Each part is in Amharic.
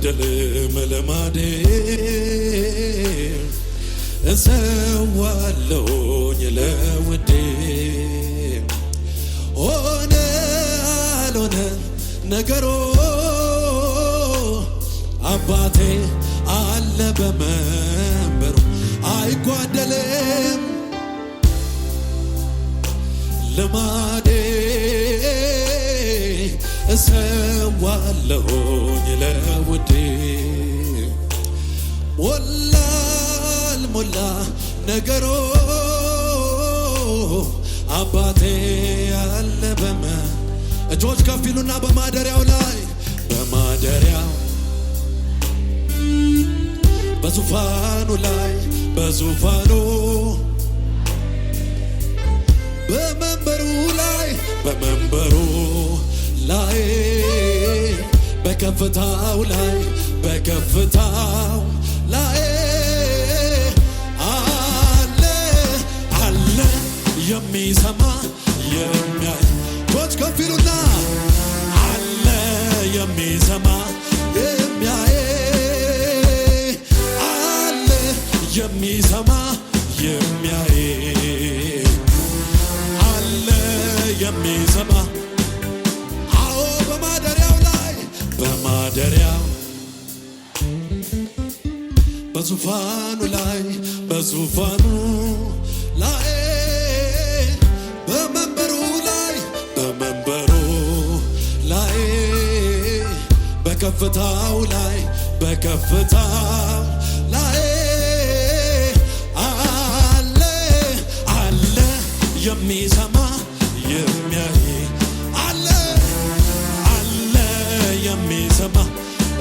አይታደልም ልማዴ እሰዋለሁኝ ለውዴ ሆነ አልሆነ ነገሮ አባቴ አለ በመንበሩ አይጓደልም ልማዴ እሰዋለሁኝ ለውዴ ሞላል ሞላ ነገሮ አባቴ አለ በመ እጆች ከፊሉና በማደሪያው ላይ በማደሪያው በዙፋኑ ላይ በዙፋኑ በመንበሩ ላይ በመንበሩ ላይ በከፍታው ላይ በከፍታው ላይ አለ አለ የሚሰማ የሚያይ ቶች ከፊሉና አለ የሚሰማ የሚያይ አለ የሚሰማ የሚያይ በዙፋኑ ላይ በዙፋኑ ላይ በመንበሩ ላይ በመንበሩ ላይ በከፍታው ላይ በከፍታው ላይ አለ አለ የሚሰማ የሚያይ አለ አለ የሚሰማ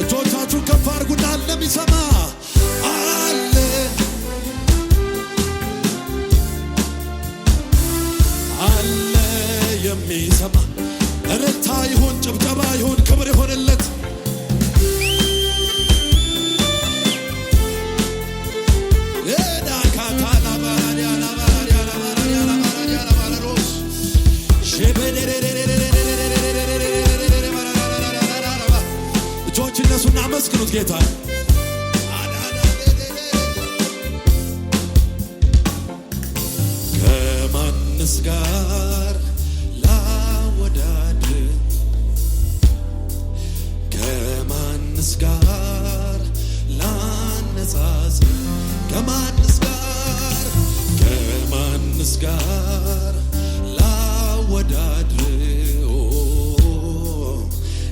እጆቻችሁ ከፍ አድርጉና ለሚሰማ መተሳሰብ ከማንስ ጋር ከማንስ ጋር ላወዳድሮ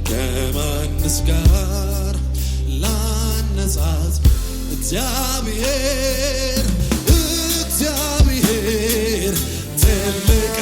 ከማንስ ጋር እግዚአብሔር እግዚአብሔር ትልቅ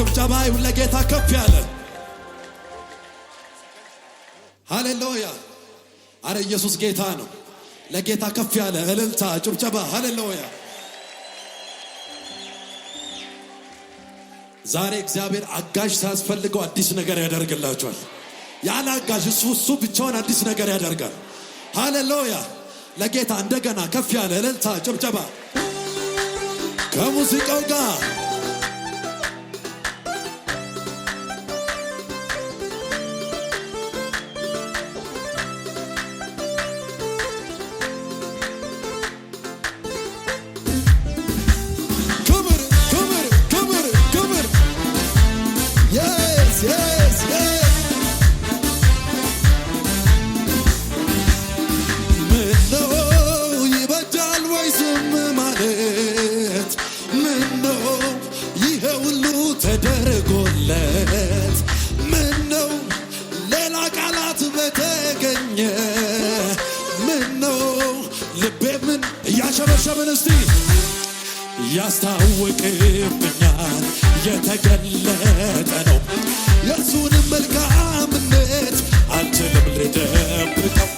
ጭብጨባ ይሁን ለጌታ ከፍ ያለ ሃሌሉያ። አረ ኢየሱስ ጌታ ነው። ለጌታ ከፍ ያለ እልልታ፣ ጭብጨባ ሃሌሉያ። ዛሬ እግዚአብሔር አጋዥ ሳያስፈልገው አዲስ ነገር ያደርግላቸዋል። ያለ አጋዥ እሱ እሱ ብቻውን አዲስ ነገር ያደርጋል። ሃሌሉያ ለጌታ እንደገና ከፍ ያለ እልልታ፣ ጭብጨባ ከሙዚቃው ጋር የተገለጠ ነው። የእርሱንም መልካምነት አልችልም ልደብቀው።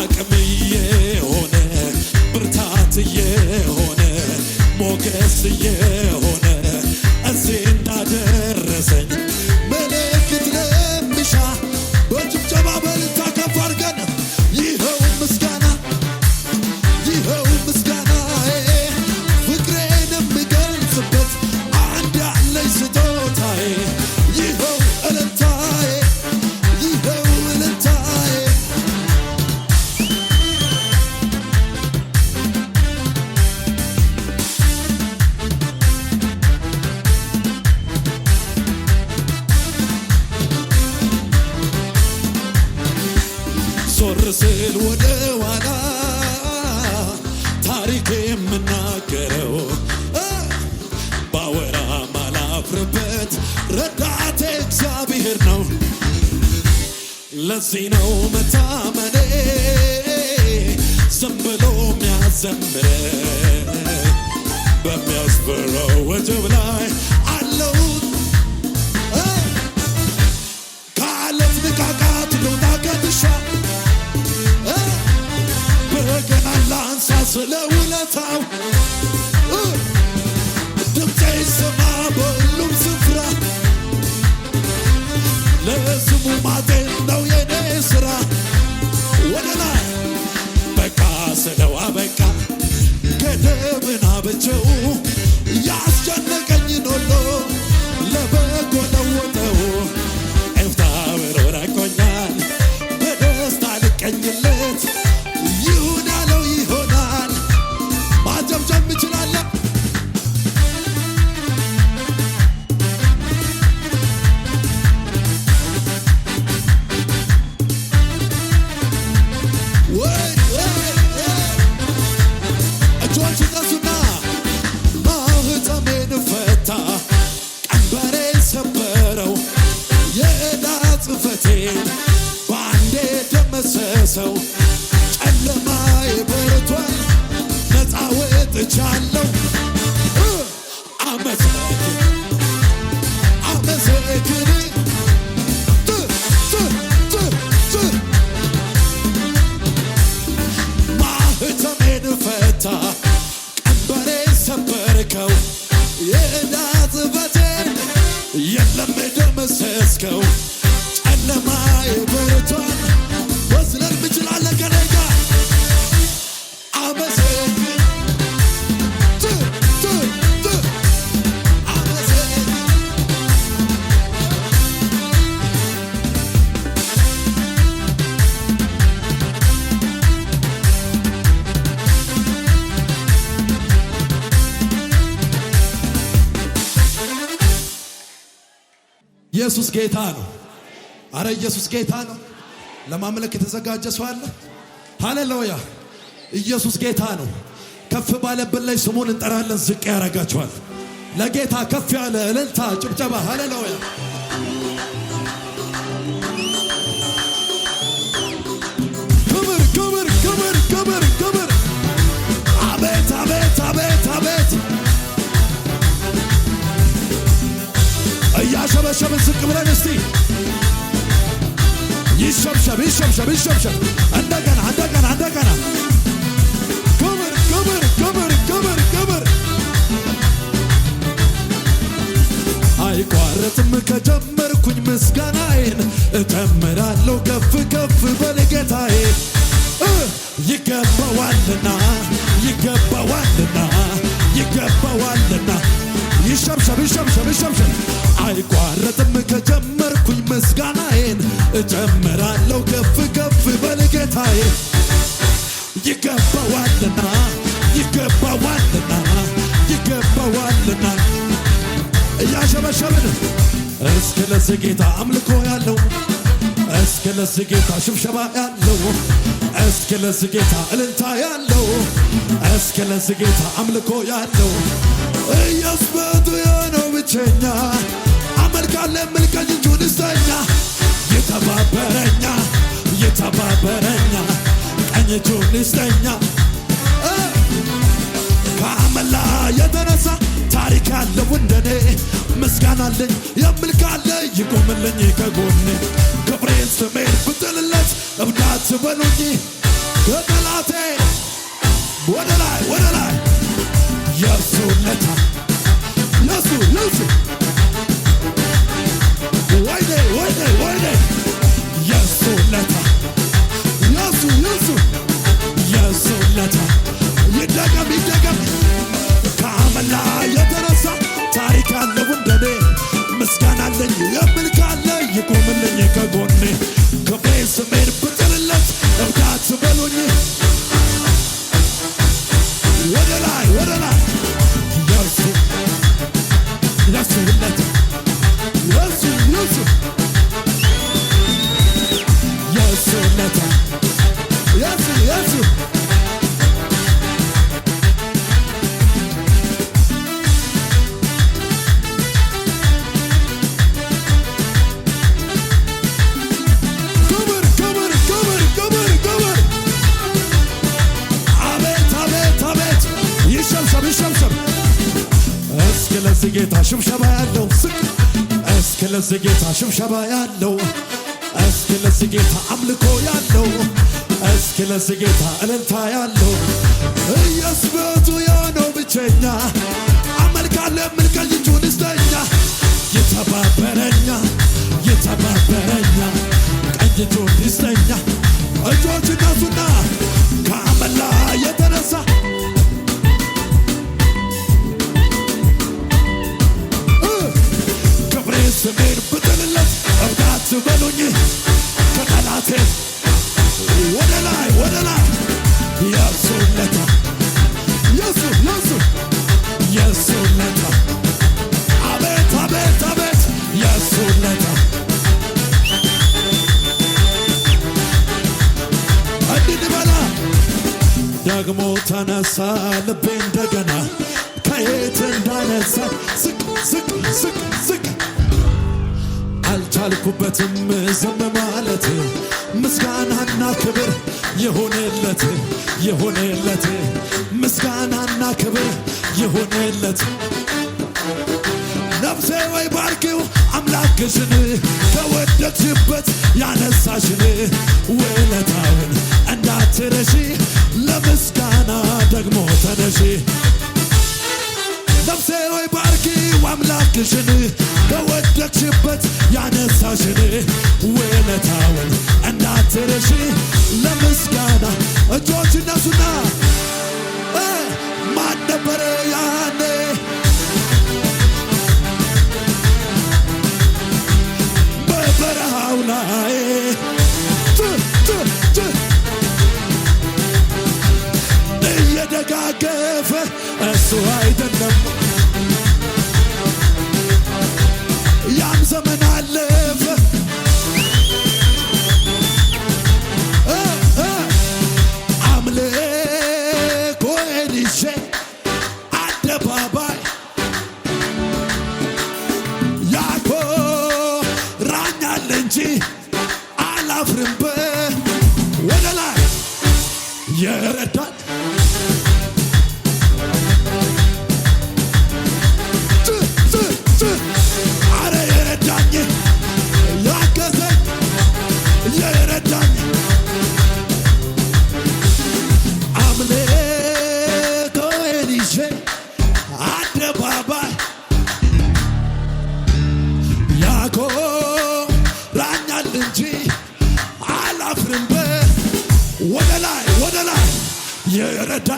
አቅም የሆነ ብርታት የሆነ ሞገስ የሆነ እዚህ እንዳደረሰኝ ወደ ኋላ ታሪክ የምናገረው ባወራ ማላፍርበት ረዳቴ እግዚአብሔር ነው። ለዚህ ነው መታመኔ ዝም ብሎ የሚያዘምረ በሚያስፈራው ወጀብ ላይ አለው ካለት ንቃቃት ሎታ ቀድሻ ስለ ውለታው ድምፄ ይሰማ በሁሉም ስፍራ ለስሙ ማጤን ነው የኔ ስራ ወደላ በቃ ስለው አበቃ ገደብን አብቸው go. ጌታ ነው። አረ ኢየሱስ ጌታ ነው። ለማምለክ የተዘጋጀ ሰው አለ? ሃሌሉያ! ኢየሱስ ጌታ ነው። ከፍ ባለብን ላይ ስሙን እንጠራለን፣ ዝቅ ያረጋቸዋል። ለጌታ ከፍ ያለ እልልታ፣ ጭብጨባ። ሃሌሉያ! መሸብሸብን ዝቅ ብለን እስቲ ይሸብሸብ ይሸብሸብ ይሸብሸብ። እንደገና እንደገና እንደገና ክብር ክብር ክብር ክብር ክብር አይቋረጥም። ከጀመርኩኝ ምስጋናዬን እጨምራለሁ ከፍ ከፍ በል ጌታዬ ይገባዋልና ይገባዋል እጨምራለሁ ከፍ ከፍ በል ጌታዬ ይገባዋልና ይገባዋልና ይገባዋልና እያሸበሸብን እስክ ለዚህ ጌታ አምልኮ ያለው እስከ ለዚህ ጌታ ሽብሸባ ያለው እስክ ለዚህ ጌታ እልልታ ያለው እስከ ለዚህ ጌታ አምልኮ ያለው ኢየሱስ የሆነው ብቸኛ አመልካለ ምልከጅ እጁን ስተኛ የተባበረኛ የተባበረኛ ቀኝ እጁን ይስጠኛ ከአመላ የተነሳ ታሪክ ያለው እንደኔ ምስጋና አለኝ የምል ካለ ይቆምልኝ ከጎኔ ክብሬን ስሜን ብጥልለት እብዳት በሉኝ ከጠላቴ ወደ ላይ ወደ ላይ የእሱ ነታ የእሱ የእሱ me to me. ለዚህ ጌታ ሽብሸባ ያለው እስኪ ለዚህ ጌታ አምልኮ ያለው እስኪ ለዚህ ጌታ እልልታ ያለው ኢየሱስ የሆነው ብቸኛ አመልካለ የምል እጁን ስተኛ ይተባበረኛ ይተባበረኛ ቀኝ እጁን ይስተኛ እጆች ነሱና ስሜን ብጥልለት እብዳት በሉኝ ከጠላቴ ወደ ላይ ወደ ላይ የሱነታ የሱ የሱ የሱነታ አቤት አቤት አቤት የሱነታ እንድንበላ ደግሞ ተነሳ ልቤ እንደገና ከየት እንዳነሳ ዝቅ ስቅ ስቅ ዝቅ አልኩበትም ዝም ማለት ምስጋናና ክብር የሆነለት የሆነለት ምስጋናና ክብር የሆነለት ነፍሴ ወይ ባርኪው አምላክሽን ከወደቅሽበት ያነሳሽን ውለታውን እንዳትረሺ ለምስጋና ደግሞ ተነሺ ነፍሴ ወይ አምላክሽን በወደቅሽበት ያነሳሽን ውለታውን እንዳትረሺ ለምስጋና እጆች ነሱና ማን ነበረ ያኔ በበረሃው ላይ እየደጋገፈ እሱ አይደለም አላፍርም። ወደ ላይ ወደ ላይ የረዳ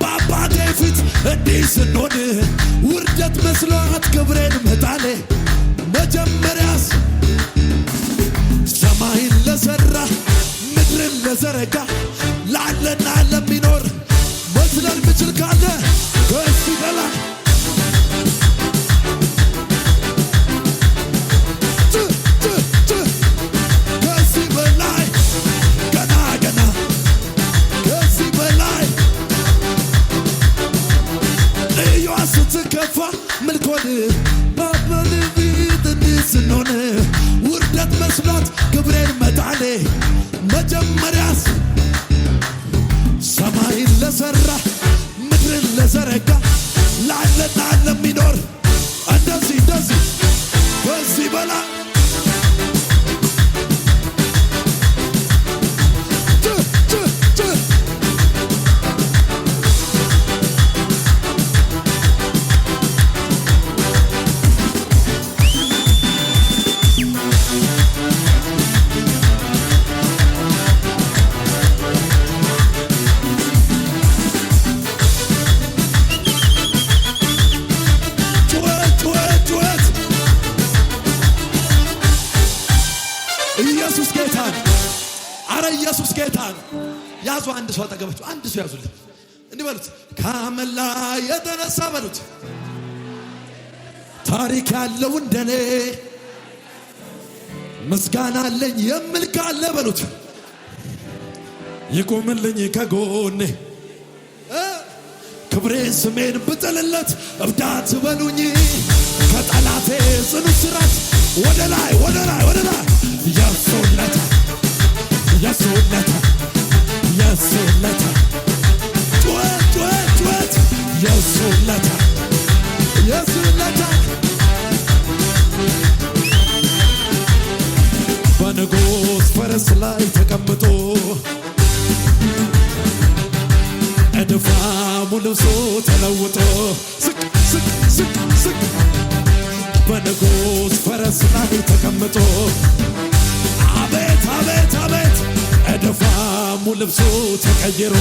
በአባቴ ፊት እንዲህ ስንሆን ውርደት መስሏት ክብሬን መጣሌ መጀመሪያስ ሰማይን ለሰራ ምድርን ለዘረጋ ላለና ለሚኖር መስለል ምችል ካለ መጀመሪያስ ሰማይን ለሰራ ምድርን ለዘረጋ ለዓለምና ለሚኖር አረ ኢየሱስ ጌታ ነው። ያዙ አንድ ሰው አጠገባችሁ፣ አንድ ሰው ያዙልኝ። እንዲህ በሉት፣ ከመላ የተነሳ በሉት፣ ታሪክ ያለው እንደኔ ምስጋና አለኝ የምል ካለ በሉት፣ ይቁምልኝ ከጎኔ ክብሬን ስሜን ብጥልለት እብዳት በሉኝ ከጠላቴ ጽኑ ስራት ወደ ላይ ወደ ላይ ወደ ላይ የሱነታ የሱነታ ጩኸት ጩኸት ጩኸት የሱነታ ልብሱ ተቀይሮ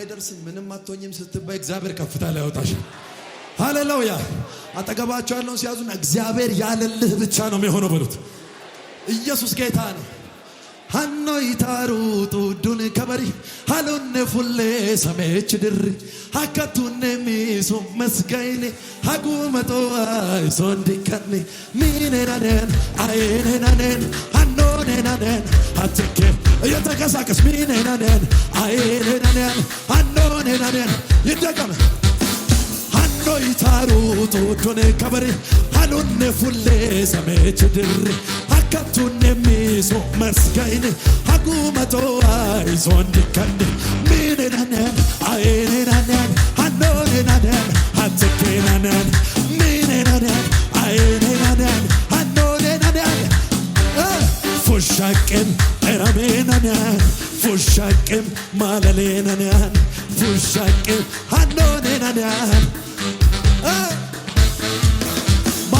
አይደርስም፣ ምንም አትሆኝም ስትባይ እግዚአብሔር ከፍታ ላይ ያወጣሻል። ሃሌሉያ! አጠገባቸው ያለውን ሲያዙና እግዚአብሔር ያለልህ ብቻ ነው የሚሆነው በሉት። ኢየሱስ ጌታ ነው። ሀኖይ ታሩጡ ዱን ከበሪ ሀሎነ ፉሌ ሰሜች ድሪ ሀከቱን ሚሱ መስገይኒ ሀጉመጦ አይሶንዲከኒ ሚኔናኔን አይኔናኔን ሀኖኔናኔን አትኬ እየተንቀሳቀስ ሚኔናንን አይኔናንን አኖኔናንን ይደቀም ሀኖ ይታሩ ቶዶኔ ከበሬ ሀሉኔ ፉሌ ሰሜች ድሬ ሀከቱኔ ሚሶ መስገይኔ ሀጉመቶ አይዞ እንዲከንድ ሚኔናንን አይኔናንን አኖኔናንን አትኬናንን ሚኔናንን አይኔናንን አኖኔናንን ፉሻቅን ቀረቤነንያን ፉሻቅም ፉሻቅም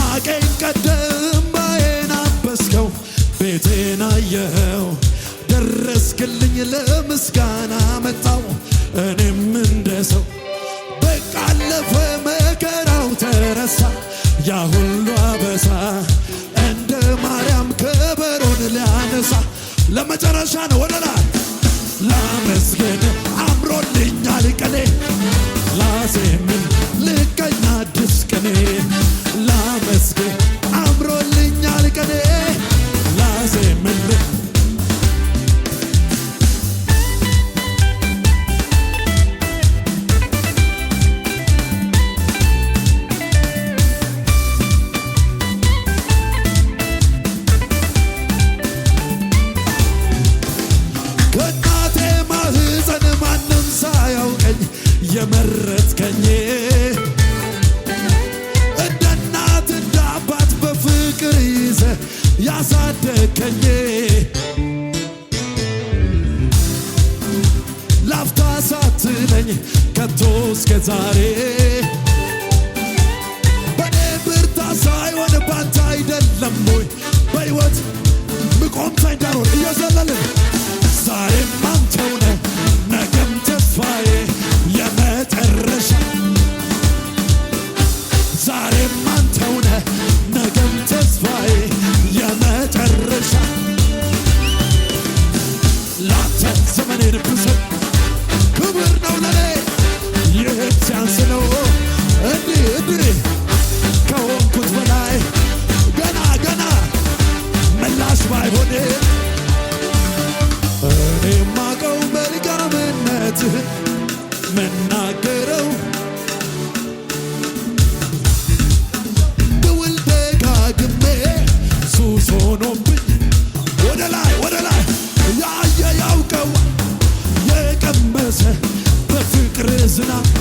ማቄን ቀደም ባዬን አበስከው ቤቴን አየኸው ደረስክልኝ ለምስጋና መጣው እኔም እንደ ሰው በቃለፈ መከራው ተረሳ ያ ሁሉ አበሳ እንደ ማርያም ከበሮን ሊያነሳ ለመጨረሻ ነው። ወደላል ላመስግን አምሮልኛል ቀኔ ላዜምን ልቀኝ አዲስ ቀኔ እውነትህን መናገረው ድውል ደጋግሜ ሱስ ሆኖብኝ ወደ ላይ ወደ ላይ ያየ ያውቀው የቀመሰ በፍቅር ዝናብ